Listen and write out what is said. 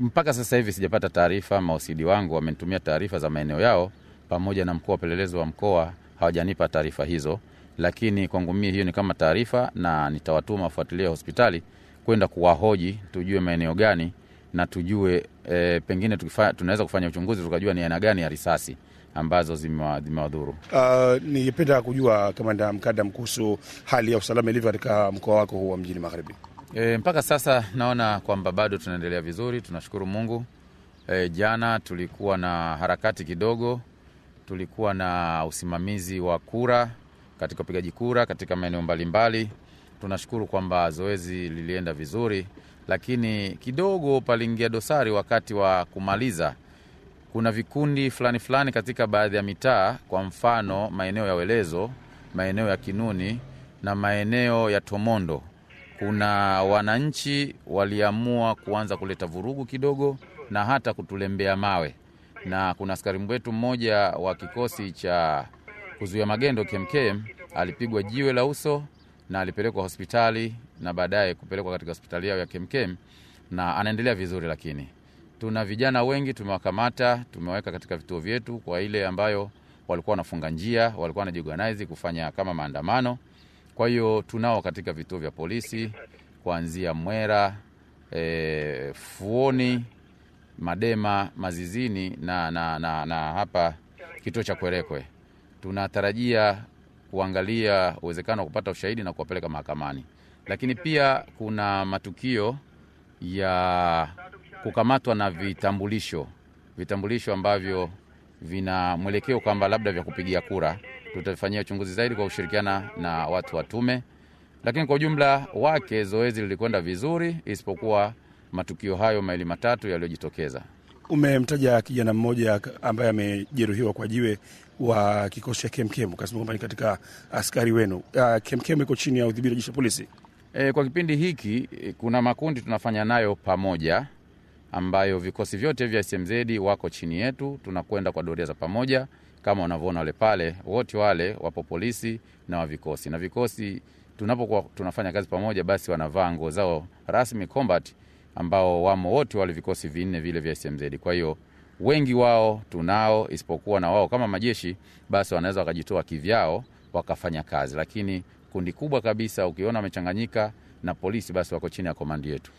Mpaka sasa hivi sijapata taarifa. Mausidi wangu wamenitumia taarifa za maeneo yao, pamoja na mkuu wa upelelezi wa mkoa hawajanipa taarifa hizo, lakini kwangu mimi hiyo ni kama taarifa, na nitawatuma wafuatilia hospitali kwenda kuwahoji, tujue maeneo gani na tujue e, pengine tukifa, tunaweza kufanya uchunguzi tukajua ni aina gani ya risasi ambazo zimewadhuru. Uh, ningependa kujua kamanda Mkadam kuhusu hali ya usalama ilivyo katika mkoa wako huu wa Mjini Magharibi. E, mpaka sasa naona kwamba bado tunaendelea vizuri, tunashukuru Mungu. E, jana tulikuwa na harakati kidogo, tulikuwa na usimamizi wa kura katika upigaji kura katika maeneo mbalimbali. Tunashukuru kwamba zoezi lilienda vizuri, lakini kidogo paliingia dosari wakati wa kumaliza. Kuna vikundi fulani fulani katika baadhi ya mitaa, kwa mfano maeneo ya Welezo, maeneo ya Kinuni na maeneo ya Tomondo kuna wananchi waliamua kuanza kuleta vurugu kidogo na hata kutulembea mawe, na kuna askari wetu mmoja wa kikosi cha kuzuia magendo KMKM alipigwa jiwe la uso na alipelekwa hospitali na baadaye kupelekwa katika hospitali yao ya KMKM na anaendelea vizuri, lakini tuna vijana wengi tumewakamata, tumewaweka katika vituo vyetu kwa ile ambayo walikuwa wanafunga njia, walikuwa wanajiorganize kufanya kama maandamano. Kwa hiyo tunao katika vituo vya polisi kuanzia Mwera, e, Fuoni, Madema, Mazizini na, na, na, na hapa kituo cha Kwerekwe. Tunatarajia kuangalia uwezekano wa kupata ushahidi na kuwapeleka mahakamani, lakini pia kuna matukio ya kukamatwa na vitambulisho, vitambulisho ambavyo vina mwelekeo kwamba labda vya kupigia kura tutafanyia uchunguzi zaidi kwa kushirikiana na watu wa tume. Lakini kwa ujumla wake zoezi lilikwenda vizuri, isipokuwa matukio hayo mawili matatu yaliyojitokeza. Umemtaja kijana mmoja ambaye amejeruhiwa kwa jiwe wa kikosi cha KMKM, ukasema kwamba ni katika askari wenu. Uh, ah, KMKM iko chini ya udhibiti wa jeshi la polisi. E, kwa kipindi hiki eh, kuna makundi tunafanya nayo pamoja ambayo vikosi vyote vya SMZ wako chini yetu, tunakwenda kwa doria za pamoja kama unavyoona wale pale, wote wale wapo polisi na wa vikosi na vikosi. Tunapokuwa tunafanya kazi pamoja, basi wanavaa nguo zao rasmi combat, ambao wamo wote wale vikosi vinne vile vya SMZ. Kwa hiyo wengi wao tunao, isipokuwa na wao kama majeshi, basi wanaweza wakajitoa kivyao wakafanya kazi, lakini kundi kubwa kabisa ukiona wamechanganyika na polisi, basi wako chini ya komandi yetu.